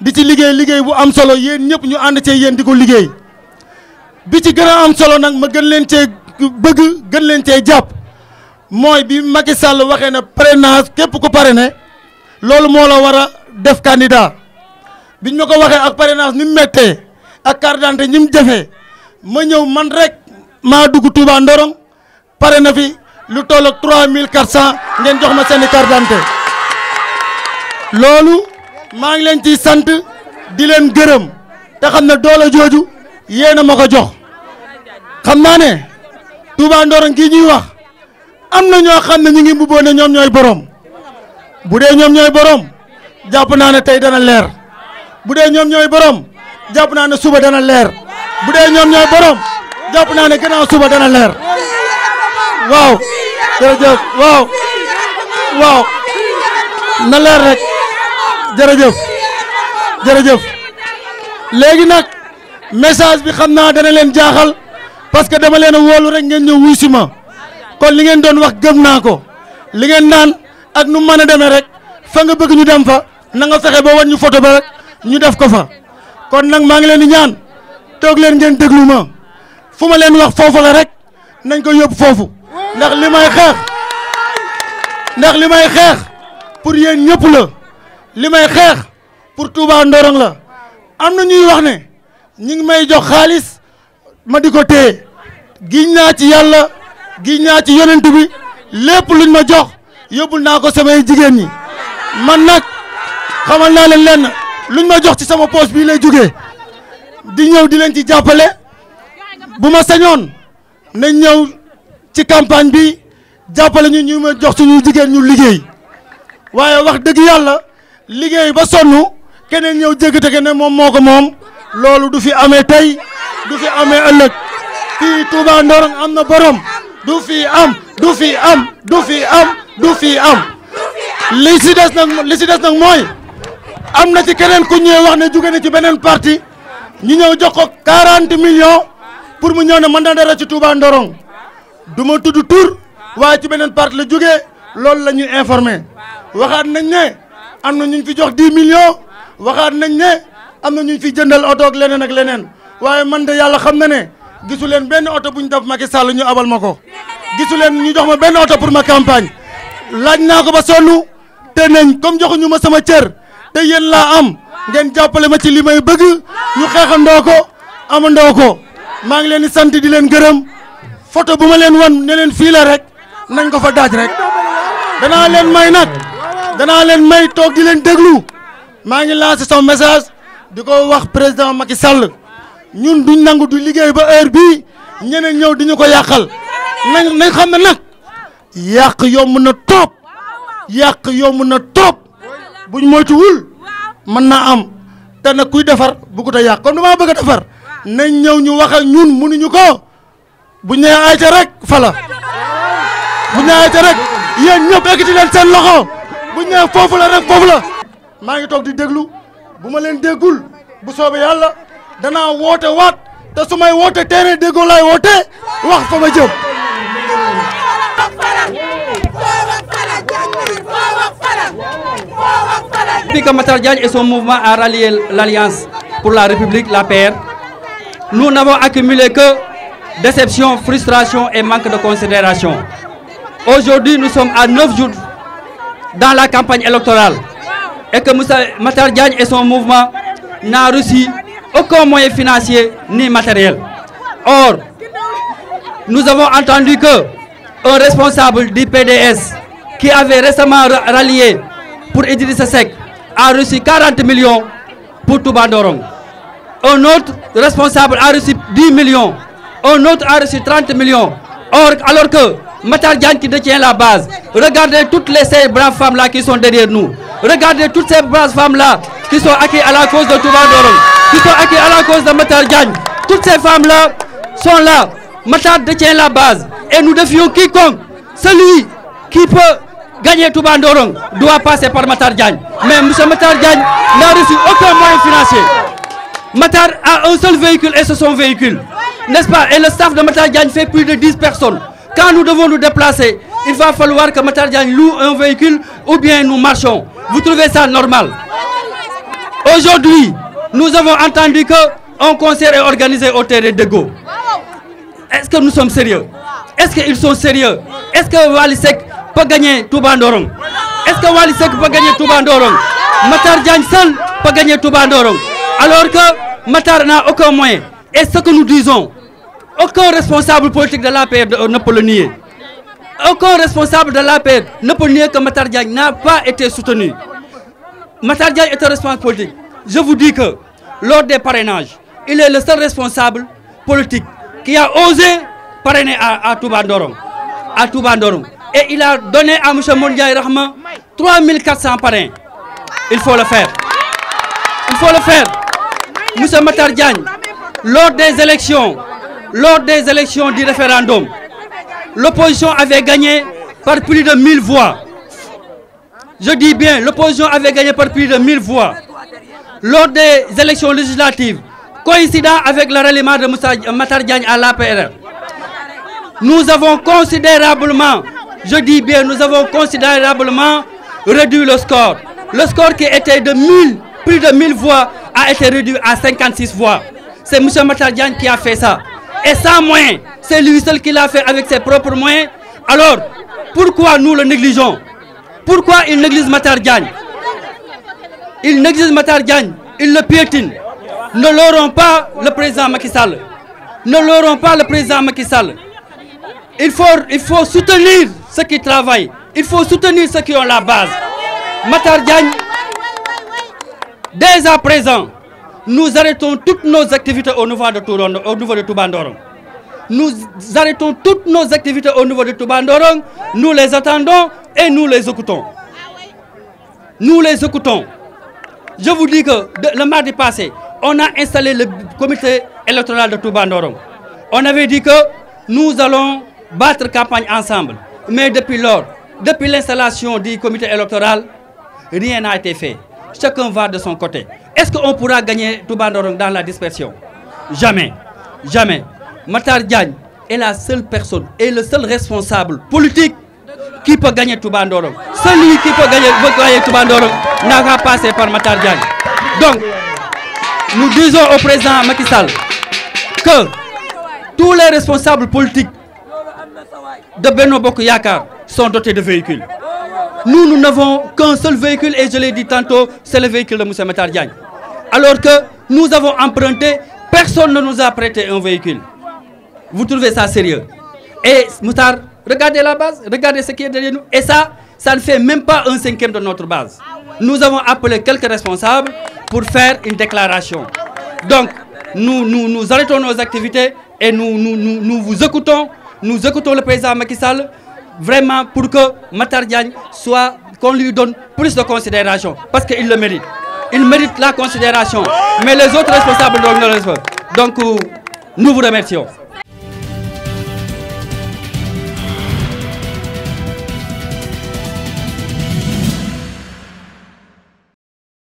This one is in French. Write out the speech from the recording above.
di ci liggéey liggéey bu am solo yéen ñëpp ñu ànd cee yéen di ko liggéey bi ci gën a am solo nag ma gën leen cee bëgg gën leen cee jàpp mooy bi Macky Sall waxee na parrainage képp ku parrainé loolu moo la war a def candidat biñ ma ko waxee ak parrainage ni mu méttee ak carte ñi ni mu jafee ma ñëw man rek maa dugg Touba Ndorong pare na fi lu toll ak 3400 ngeen jox ma seeni carte d'identité loolu. maa ngi leen ciy sant di leen gërëm te xam na doole jooju yéen a ma ko jox xam naa ne Touba Ndorong kii ñuy wax am na ñoo xam ne ñu ngi mbubboo ne ñoom ñooy borom bu dee ñoom ñooy boroom jàpp naa ne tey dana leer bu dee ñoom ñooy boroom jàpp naa ne suba dana leer bu dee ñoom ñooy borom jàpp naa ne gannaaw suba dana leer waaw jërëjëf waaw waaw na leer rek. jërëjëf jërëjëf léegi nag message bi xam naa dana leen jaaxal parce que dama leen a wóolu rek ngeen ñëw wuy si ma kon li ngeen doon wax gëm naa ko li ngeen naan ak nu mën a demee rek fa nga bëgg ñu dem fa nanga nga fexe ba wan ñu photo ba rek ñu def ko fa kon nag maa ngi leen di ñaan toog leen ngeen déglu ma fu ma leen wax foofu la rek nañ ko yóbbu foofu ndax li may xeex ndax li may xeex pour yéen ñëpp la. li may xeex pour Touba Ndorong la am na ñuy wax ne ñu ngi may jox xaalis ma di ko téye giñ naa ci yàlla giñ naa ci yonent bi lépp luñ ma jox yóbbul naa ko samay jigéen ñi man nag xamal naa leen lenn luñ ma jox ci sama poos bii lay jóge di ñëw di leen ci jàppale bu ma sañoon nañ ñëw ci campagne bi jàppale ñu ñu ma jox suñuy jigéen ñu liggéey waaye wax dëgg yàlla liggéey ba sonn keneen ñëw jéggate ke ne moom moo ko moom loolu du fi amee tey du fi amee ëllëg fii Touba Ndorong am na borom du fi am du fi am du fi am du fi li si des nag li si des nag mooy am na ci keneen ku ñëwee wax ne juge na ci beneen parti ñu ñëw jox ko 40 millions pour mu ñëw ne man dara ci Touba Ndorong du ma tudd tur waaye ci beneen parti la jógee loolu lañuy ñuy informé waxaat nañ ne. am ñu fi jox 10 millions waxat nañ ne am ñu fi jëndal auto ak lenen ak lenen waye man de yalla xam na ne gisulen ben auto buñ bu def Macky Sall ñu abal mako gisulen ñu jox ma ben auto pour ma campagne laj naa ko ba sonu te nañ comme joxuñu ma sama cër te yeen la am ngeen jappalé ma ci limay may bëgg ñu xeexandoo ko amandoo ko maa ngi leen di sante di leen gëreem photo buma leen won ne leen fi la rek nañ ko fa daaj rek dana leen may nak dana len may tok di len deglu ma ngi lancer son message diko wax president Macky Sall ñun duñ nangu du liggey ba heure bi ñeneen ñew diñu ko yakal nañ nañ xam ne nag yak yomb na top yak yom na top buñ wul man na am té nak kuy bu ko ta yak comme dama bëgg défar nañ ñew ñu waxal ñun mënu ñu ko buñ ay ayca rek fala buñ ay ayca rek yeen ñop ekiti len sen loxo. bu ñu la rek foofu la maa ngi toog di deglu buma len degul bu soobee yalla dana wote wat te sumay wote woote teene lay wote wax fa ma jëm. Depuis Matar Diagne et son mouvement a rallié l'Alliance pour la République, la paix, nous n'avons accumulé que déception, frustration et manque de considération. Aujourd'hui, nous sommes à 9 jours dans la campagne électorale et que Moussa Gagne et son mouvement n'ont reçu aucun moyen financier ni matériel. Or, nous avons entendu que un responsable du PDS qui avait récemment rallié pour Idrissa Seck a reçu 40 millions pour Touba Un autre responsable a reçu 10 millions. Un autre a reçu 30 millions. Or, alors que Matar Diagne qui détient la base. Regardez toutes les, ces braves femmes-là qui sont derrière nous. Regardez toutes ces braves femmes-là qui sont acquises à la cause de Touba qui sont acquises à la cause de Matar Diagne. Toutes ces femmes-là sont là. Matar détient la base. Et nous défions quiconque. Celui qui peut gagner Touba doit passer par Matar Diagne. Mais M. Matar Diagne n'a reçu aucun moyen financier. Matar a un seul véhicule et c'est son véhicule. N'est-ce pas Et le staff de Matar Gagne fait plus de 10 personnes. Quand nous devons nous déplacer, il va falloir que Matar loue un véhicule ou bien nous marchons. Vous trouvez ça normal Aujourd'hui, nous avons entendu qu'un concert est organisé au terrain de Go. Est-ce que nous sommes sérieux Est-ce qu'ils sont sérieux Est-ce que Walisek peut gagner Toubandorong Est-ce que Walisek peut gagner tout Matar Diagne seul peut gagner Toubandorong. Alors que Matar n'a aucun moyen. Et ce que nous disons, aucun responsable politique de la euh, ne peut le nier. Aucun responsable de l'APR ne peut nier que Matar n'a pas été soutenu. Matar Diagne est un responsable politique. Je vous dis que lors des parrainages, il est le seul responsable politique qui a osé parrainer à, à À Et il a donné à M. Mondiaï Rahman 3400 parrains. Il faut le faire. Il faut le faire. M. Matar lors des élections, lors des élections du référendum, l'opposition avait gagné par plus de 1000 voix. Je dis bien, l'opposition avait gagné par plus de 1000 voix. Lors des élections législatives, coïncidant avec le ralliement de M. Euh, Matar Diagne à l'APR, nous avons considérablement, je dis bien, nous avons considérablement réduit le score. Le score qui était de 1000, plus de 1000 voix, a été réduit à 56 voix. C'est M. Matar qui a fait ça et sans moyens. C'est lui seul qui l'a fait avec ses propres moyens. Alors, pourquoi nous le négligeons Pourquoi il néglige Matar Gagne Il néglige Matar Gagne, il le piétine. Ne l'auront pas le président Macky Sall. Ne l'auront pas le président Macky Sall. Il faut, il faut soutenir ceux qui travaillent. Il faut soutenir ceux qui ont la base. Matar Gagne, dès à présent, nous arrêtons toutes nos activités au niveau de, Touron, au niveau de Toubandorong. Nous arrêtons toutes nos activités au niveau de Toubandorong. Nous les attendons et nous les écoutons. Nous les écoutons. Je vous dis que le mardi passé, on a installé le comité électoral de Toubandorong. On avait dit que nous allons battre campagne ensemble. Mais depuis lors, depuis l'installation du comité électoral, rien n'a été fait. Chacun va de son côté. Est-ce qu'on pourra gagner Touba dans la dispersion Jamais. Jamais. Matar Diagne est la seule personne, et le seul responsable politique qui peut gagner Touba Celui qui peut gagner, gagner Touba n'a pas passé par Matar Diagne. Donc, nous disons au président Macky que tous les responsables politiques de Beno Yakar sont dotés de véhicules. Nous, nous n'avons qu'un seul véhicule et je l'ai dit tantôt, c'est le véhicule de Moussa Matar Diagne alors que nous avons emprunté, personne ne nous a prêté un véhicule. Vous trouvez ça sérieux Et Moutard, regardez la base, regardez ce qui est derrière nous. Et ça, ça ne fait même pas un cinquième de notre base. Nous avons appelé quelques responsables pour faire une déclaration. Donc, nous, arrêtons nos activités et nous, vous écoutons. Nous écoutons le président Macky Sall vraiment pour que Matar Diagne soit, qu'on lui donne plus de considération parce qu'il le mérite. Il mérite la considération. Mais les autres responsables doivent le Donc, euh, nous vous remercions.